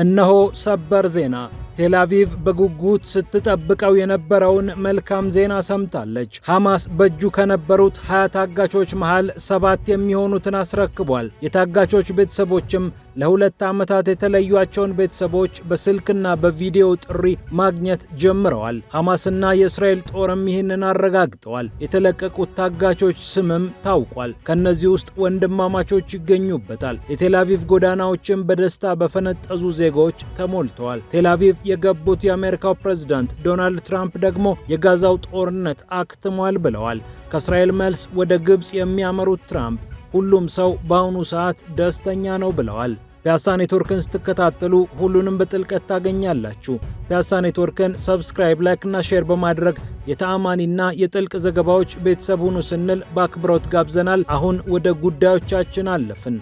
እነሆ ሰበር ዜና። ቴል አቪቭ በጉጉት ስትጠብቀው የነበረውን መልካም ዜና ሰምታለች። ሐማስ በእጁ ከነበሩት ሀያ ታጋቾች መሃል ሰባት የሚሆኑትን አስረክቧል። የታጋቾች ቤተሰቦችም ለሁለት ዓመታት የተለዩቸውን ቤተሰቦች በስልክና በቪዲዮ ጥሪ ማግኘት ጀምረዋል። ሐማስና የእስራኤል ጦርም ይህንን አረጋግጠዋል። የተለቀቁት ታጋቾች ስምም ታውቋል። ከእነዚህ ውስጥ ወንድማማቾች ይገኙበታል። የቴላቪቭ ጎዳናዎችም በደስታ በፈነጠዙ ዜጎች ተሞልተዋል። ቴላቪቭ የገቡት የአሜሪካው ፕሬዝዳንት ዶናልድ ትራምፕ ደግሞ የጋዛው ጦርነት አክትሟል ብለዋል። ከእስራኤል መልስ ወደ ግብፅ የሚያመሩት ትራምፕ ሁሉም ሰው በአሁኑ ሰዓት ደስተኛ ነው ብለዋል። ፒያሳ ኔትወርክን ስትከታተሉ ሁሉንም በጥልቀት ታገኛላችሁ። ፒያሳ ኔትወርክን ሰብስክራይብ፣ ላይክና ሼር በማድረግ የተአማኒና የጥልቅ ዘገባዎች ቤተሰብ ሁኑ ስንል በአክብሮት ጋብዘናል። አሁን ወደ ጉዳዮቻችን አለፍን።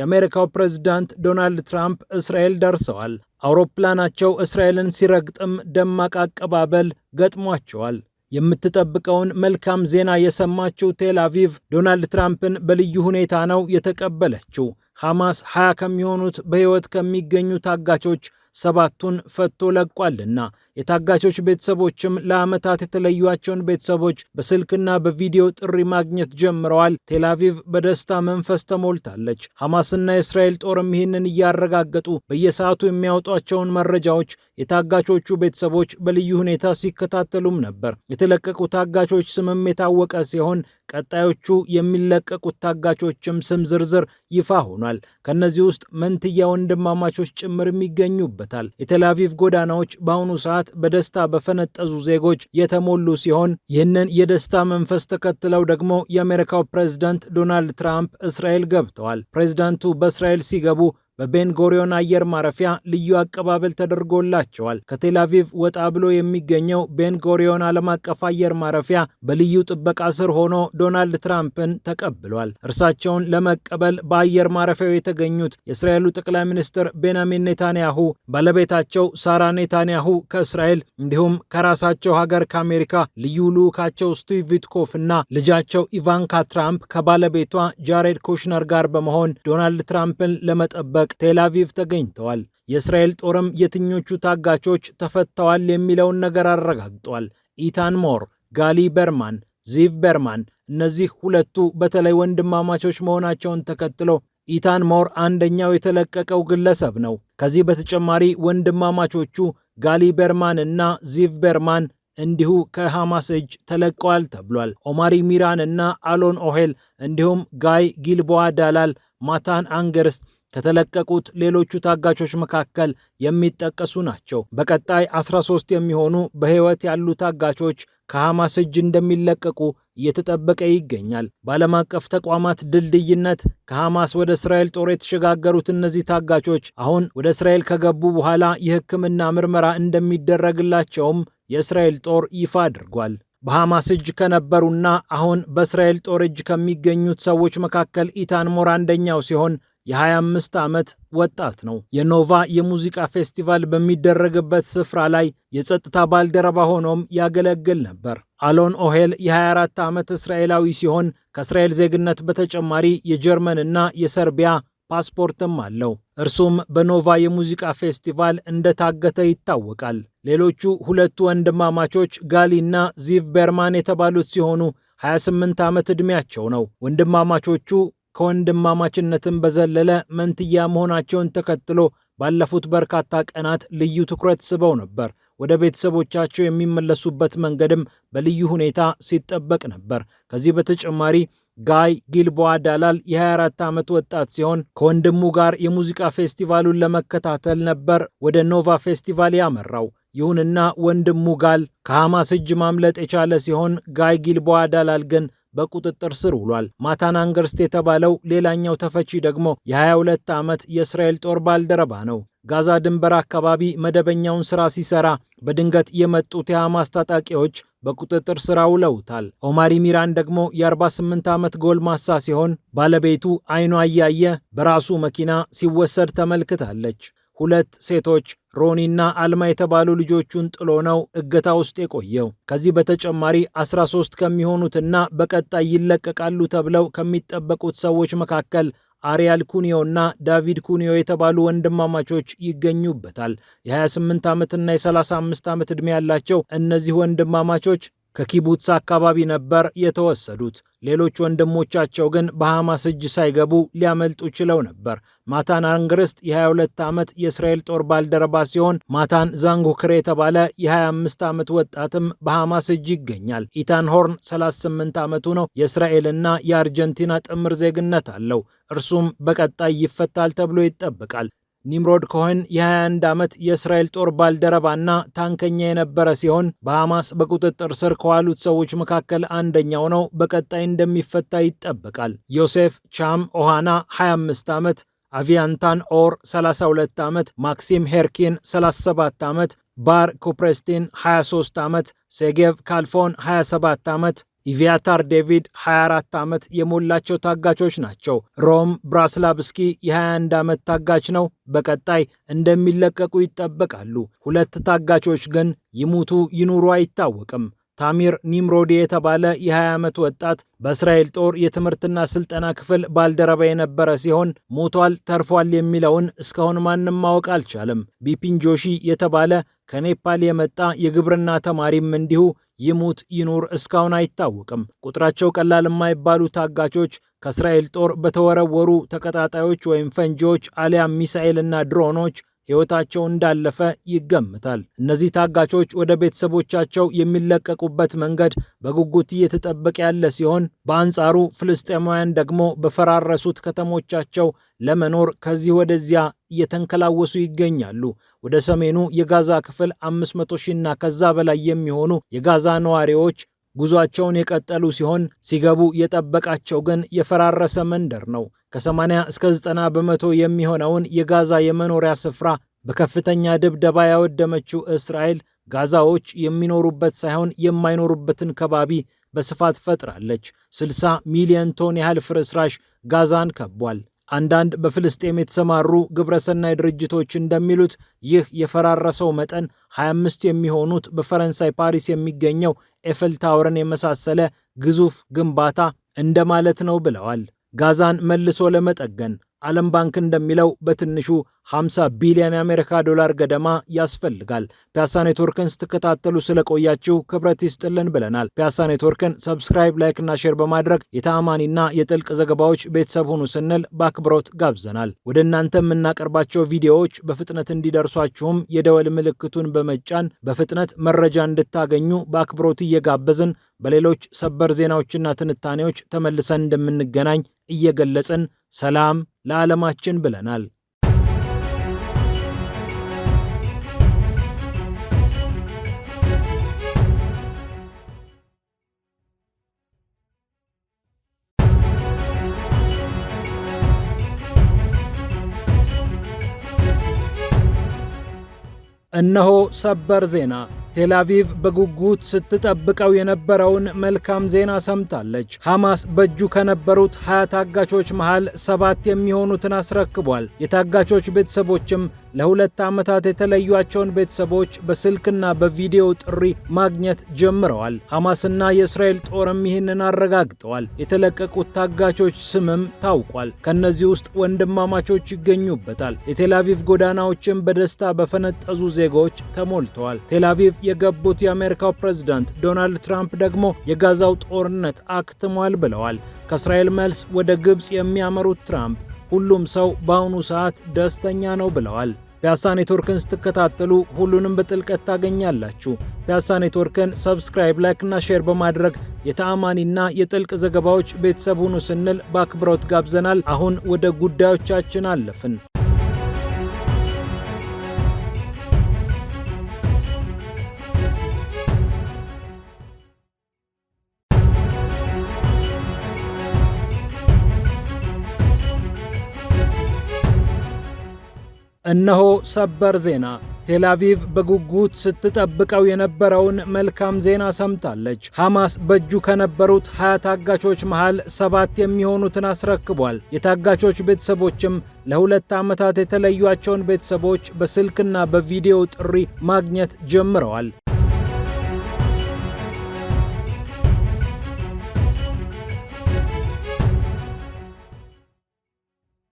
የአሜሪካው ፕሬዝዳንት ዶናልድ ትራምፕ እስራኤል ደርሰዋል። አውሮፕላናቸው እስራኤልን ሲረግጥም ደማቅ አቀባበል ገጥሟቸዋል። የምትጠብቀውን መልካም ዜና የሰማችው ቴል አቪቭ ዶናልድ ትራምፕን በልዩ ሁኔታ ነው የተቀበለችው። ሐማስ 20 ከሚሆኑት በሕይወት ከሚገኙ ታጋቾች ሰባቱን ፈቶ ለቋልና የታጋቾች ቤተሰቦችም ለዓመታት የተለዩቸውን ቤተሰቦች በስልክና በቪዲዮ ጥሪ ማግኘት ጀምረዋል። ቴላቪቭ በደስታ መንፈስ ተሞልታለች። ሐማስና የእስራኤል ጦርም ይህንን እያረጋገጡ በየሰዓቱ የሚያወጧቸውን መረጃዎች የታጋቾቹ ቤተሰቦች በልዩ ሁኔታ ሲከታተሉም ነበር። የተለቀቁ ታጋቾች ስምም የታወቀ ሲሆን ቀጣዮቹ የሚለቀቁት ታጋቾችም ስም ዝርዝር ይፋ ሆኗል። ከነዚህ ውስጥ መንትያ ወንድማማቾች ጭምር ይገኙበታል። የቴላቪቭ ጎዳናዎች በአሁኑ ሰዓት በደስታ በፈነጠዙ ዜጎች የተሞሉ ሲሆን ይህንን የደስታ መንፈስ ተከትለው ደግሞ የአሜሪካው ፕሬዝዳንት ዶናልድ ትራምፕ እስራኤል ገብተዋል። ፕሬዝዳንቱ በእስራኤል ሲገቡ በቤንጎሪዮን አየር ማረፊያ ልዩ አቀባበል ተደርጎላቸዋል። ከቴላቪቭ ወጣ ብሎ የሚገኘው ቤንጎሪዮን ዓለም አቀፍ አየር ማረፊያ በልዩ ጥበቃ ስር ሆኖ ዶናልድ ትራምፕን ተቀብሏል። እርሳቸውን ለመቀበል በአየር ማረፊያው የተገኙት የእስራኤሉ ጠቅላይ ሚኒስትር ቤንያሚን ኔታንያሁ፣ ባለቤታቸው ሳራ ኔታንያሁ ከእስራኤል እንዲሁም ከራሳቸው ሀገር ከአሜሪካ ልዩ ልዑካቸው ስቲቭ ቪትኮፍ እና ልጃቸው ኢቫንካ ትራምፕ ከባለቤቷ ጃሬድ ኩሽነር ጋር በመሆን ዶናልድ ትራምፕን ለመጠበቅ ለመጠየቅ ቴላቪቭ ተገኝተዋል። የእስራኤል ጦርም የትኞቹ ታጋቾች ተፈተዋል የሚለውን ነገር አረጋግጧል። ኢታን ሞር፣ ጋሊ በርማን፣ ዚቭ በርማን እነዚህ ሁለቱ በተለይ ወንድማማቾች መሆናቸውን ተከትሎ ኢታን ሞር አንደኛው የተለቀቀው ግለሰብ ነው። ከዚህ በተጨማሪ ወንድማማቾቹ ጋሊ በርማን እና ዚቭ በርማን እንዲሁ ከሐማስ እጅ ተለቀዋል ተብሏል። ኦማሪ ሚራን እና አሎን ኦሄል እንዲሁም ጋይ ጊልቦዋ ዳላል፣ ማታን አንገርስት ከተለቀቁት ሌሎቹ ታጋቾች መካከል የሚጠቀሱ ናቸው። በቀጣይ 13 የሚሆኑ በሕይወት ያሉ ታጋቾች ከሐማስ እጅ እንደሚለቀቁ እየተጠበቀ ይገኛል። በዓለም አቀፍ ተቋማት ድልድይነት ከሐማስ ወደ እስራኤል ጦር የተሸጋገሩት እነዚህ ታጋቾች አሁን ወደ እስራኤል ከገቡ በኋላ የሕክምና ምርመራ እንደሚደረግላቸውም የእስራኤል ጦር ይፋ አድርጓል። በሐማስ እጅ ከነበሩና አሁን በእስራኤል ጦር እጅ ከሚገኙት ሰዎች መካከል ኢታን ሞራ አንደኛው ሲሆን የ25 ዓመት ወጣት ነው። የኖቫ የሙዚቃ ፌስቲቫል በሚደረግበት ስፍራ ላይ የጸጥታ ባልደረባ ሆኖም ያገለግል ነበር። አሎን ኦሄል የ24 ዓመት እስራኤላዊ ሲሆን ከእስራኤል ዜግነት በተጨማሪ የጀርመንና የሰርቢያ ፓስፖርትም አለው። እርሱም በኖቫ የሙዚቃ ፌስቲቫል እንደታገተ ይታወቃል። ሌሎቹ ሁለቱ ወንድማማቾች ጋሊና ዚቭ ቤርማን የተባሉት ሲሆኑ 28 ዓመት ዕድሜያቸው ነው። ወንድማማቾቹ ከወንድማማችነትም በዘለለ መንትያ መሆናቸውን ተከትሎ ባለፉት በርካታ ቀናት ልዩ ትኩረት ስበው ነበር። ወደ ቤተሰቦቻቸው የሚመለሱበት መንገድም በልዩ ሁኔታ ሲጠበቅ ነበር። ከዚህ በተጨማሪ ጋይ ጊልቦዋ ዳላል የ24 ዓመት ወጣት ሲሆን ከወንድሙ ጋር የሙዚቃ ፌስቲቫሉን ለመከታተል ነበር ወደ ኖቫ ፌስቲቫል ያመራው። ይሁንና ወንድሙ ጋል ከሐማስ እጅ ማምለጥ የቻለ ሲሆን ጋይ ጊልቦዋ ዳላል ግን በቁጥጥር ስር ውሏል። ማታን አንገርስት የተባለው ሌላኛው ተፈቺ ደግሞ የ22 ዓመት የእስራኤል ጦር ባልደረባ ነው። ጋዛ ድንበር አካባቢ መደበኛውን ሥራ ሲሰራ በድንገት የመጡት የሐማስ ታጣቂዎች በቁጥጥር ስር ውለውታል። ኦማሪ ሚራን ደግሞ የ48 ዓመት ጎልማሳ ሲሆን ባለቤቱ አይኗ እያየ በራሱ መኪና ሲወሰድ ተመልክታለች። ሁለት ሴቶች ሮኒና አልማ የተባሉ ልጆቹን ጥሎ ነው እገታ ውስጥ የቆየው። ከዚህ በተጨማሪ 13 ከሚሆኑትና በቀጣይ ይለቀቃሉ ተብለው ከሚጠበቁት ሰዎች መካከል አሪያል ኩኒዮ እና ዳቪድ ኩኒዮ የተባሉ ወንድማማቾች ይገኙበታል። የ28 ዓመትና የ35 ዓመት ዕድሜ ያላቸው እነዚህ ወንድማማቾች ከኪቡትስ አካባቢ ነበር የተወሰዱት። ሌሎች ወንድሞቻቸው ግን በሐማስ እጅ ሳይገቡ ሊያመልጡ ችለው ነበር። ማታን አንግርስት የ22 ዓመት የእስራኤል ጦር ባልደረባ ሲሆን ማታን ዛንጉክር የተባለ የ25 ዓመት ወጣትም በሐማስ እጅ ይገኛል። ኢታን ሆርን 38 ዓመቱ ነው። የእስራኤልና የአርጀንቲና ጥምር ዜግነት አለው። እርሱም በቀጣይ ይፈታል ተብሎ ይጠበቃል። ኒምሮድ ኮሄን የ21 ዓመት የእስራኤል ጦር ባልደረባና ታንከኛ የነበረ ሲሆን በሐማስ በቁጥጥር ስር ከዋሉት ሰዎች መካከል አንደኛው ነው። በቀጣይ እንደሚፈታ ይጠበቃል። ዮሴፍ ቻም ኦሃና 25 ዓመት፣ አቪያንታን ኦር 32 ዓመት፣ ማክሲም ሄርኪን 37 ዓመት፣ ባር ኩፕሬስቲን 23 ዓመት፣ ሴጌቭ ካልፎን 27 ዓመት ኢቪያታር ዴቪድ 24 ዓመት የሞላቸው ታጋቾች ናቸው። ሮም ብራስላብስኪ የ21 ዓመት ታጋች ነው። በቀጣይ እንደሚለቀቁ ይጠበቃሉ። ሁለት ታጋቾች ግን ይሙቱ ይኑሩ አይታወቅም። ታሚር ኒምሮዴ የተባለ የ20 ዓመት ወጣት በእስራኤል ጦር የትምህርትና ስልጠና ክፍል ባልደረባ የነበረ ሲሆን ሞቷል ተርፏል የሚለውን እስካሁን ማንም ማወቅ አልቻለም። ቢፒንጆሺ የተባለ ከኔፓል የመጣ የግብርና ተማሪም እንዲሁ ይሙት ይኑር እስካሁን አይታወቅም። ቁጥራቸው ቀላል የማይባሉ ታጋቾች ከእስራኤል ጦር በተወረወሩ ተቀጣጣዮች ወይም ፈንጂዎች አሊያም ሚሳኤልና ድሮኖች ሕይወታቸው እንዳለፈ ይገምታል። እነዚህ ታጋቾች ወደ ቤተሰቦቻቸው የሚለቀቁበት መንገድ በጉጉት እየተጠበቀ ያለ ሲሆን፣ በአንጻሩ ፍልስጤማውያን ደግሞ በፈራረሱት ከተሞቻቸው ለመኖር ከዚህ ወደዚያ እየተንከላወሱ ይገኛሉ። ወደ ሰሜኑ የጋዛ ክፍል 500 ሺና ከዛ በላይ የሚሆኑ የጋዛ ነዋሪዎች ጉዟቸውን የቀጠሉ ሲሆን ሲገቡ የጠበቃቸው ግን የፈራረሰ መንደር ነው። ከ80 እስከ 90 በመቶ የሚሆነውን የጋዛ የመኖሪያ ስፍራ በከፍተኛ ድብደባ ያወደመችው እስራኤል ጋዛዎች የሚኖሩበት ሳይሆን የማይኖሩበትን ከባቢ በስፋት ፈጥራለች። 60 ሚሊዮን ቶን ያህል ፍርስራሽ ጋዛን ከቧል። አንዳንድ በፍልስጤም የተሰማሩ ግብረሰናይ ድርጅቶች እንደሚሉት ይህ የፈራረሰው መጠን 25 የሚሆኑት በፈረንሳይ ፓሪስ የሚገኘው ኤፍል ታወርን የመሳሰለ ግዙፍ ግንባታ እንደማለት ነው ብለዋል። ጋዛን መልሶ ለመጠገን ዓለም ባንክ እንደሚለው በትንሹ 50 ቢሊዮን የአሜሪካ ዶላር ገደማ ያስፈልጋል። ፒያሳ ኔትወርክን ስትከታተሉ ስለቆያችሁ ክብረት ይስጥልን ብለናል። ፒያሳ ኔትወርክን ሰብስክራይብ፣ ላይክና ሼር በማድረግ የተአማኒና የጥልቅ ዘገባዎች ቤተሰብ ሁኑ ስንል በአክብሮት ጋብዘናል። ወደ እናንተ የምናቀርባቸው ቪዲዮዎች በፍጥነት እንዲደርሷችሁም የደወል ምልክቱን በመጫን በፍጥነት መረጃ እንድታገኙ በአክብሮት እየጋበዝን በሌሎች ሰበር ዜናዎችና ትንታኔዎች ተመልሰን እንደምንገናኝ እየገለጽን ሰላም ለዓለማችን ብለናል። እነሆ ሰበር ዜና ቴላቪቭ በጉጉት ስትጠብቀው የነበረውን መልካም ዜና ሰምታለች። ሐማስ በእጁ ከነበሩት ሀያ ታጋቾች መሃል ሰባት የሚሆኑትን አስረክቧል። የታጋቾች ቤተሰቦችም ለሁለት ዓመታት የተለዩቸውን ቤተሰቦች በስልክና በቪዲዮ ጥሪ ማግኘት ጀምረዋል። ሐማስና የእስራኤል ጦርም ይህንን አረጋግጠዋል። የተለቀቁት ታጋቾች ስምም ታውቋል። ከእነዚህ ውስጥ ወንድማማቾች ይገኙበታል። የቴላቪቭ ጎዳናዎችም በደስታ በፈነጠዙ ዜጎች ተሞልተዋል። ቴላቪቭ የገቡት የአሜሪካው ፕሬዝዳንት ዶናልድ ትራምፕ ደግሞ የጋዛው ጦርነት አክትሟል ብለዋል። ከእስራኤል መልስ ወደ ግብፅ የሚያመሩት ትራምፕ ሁሉም ሰው በአሁኑ ሰዓት ደስተኛ ነው ብለዋል። ፒያሳ ኔትወርክን ስትከታተሉ ሁሉንም በጥልቀት ታገኛላችሁ። ፒያሳ ኔትወርክን ሰብስክራይብ፣ ላይክ እና ሼር በማድረግ የተአማኒና የጥልቅ ዘገባዎች ቤተሰብ ሁኑ ስንል በአክብሮት ጋብዘናል። አሁን ወደ ጉዳዮቻችን አለፍን። እነሆ ሰበር ዜና። ቴላቪቭ በጉጉት ስትጠብቀው የነበረውን መልካም ዜና ሰምታለች። ሐማስ በእጁ ከነበሩት ሀያ ታጋቾች መሃል ሰባት የሚሆኑትን አስረክቧል። የታጋቾች ቤተሰቦችም ለሁለት ዓመታት የተለዩቸውን ቤተሰቦች በስልክና በቪዲዮ ጥሪ ማግኘት ጀምረዋል።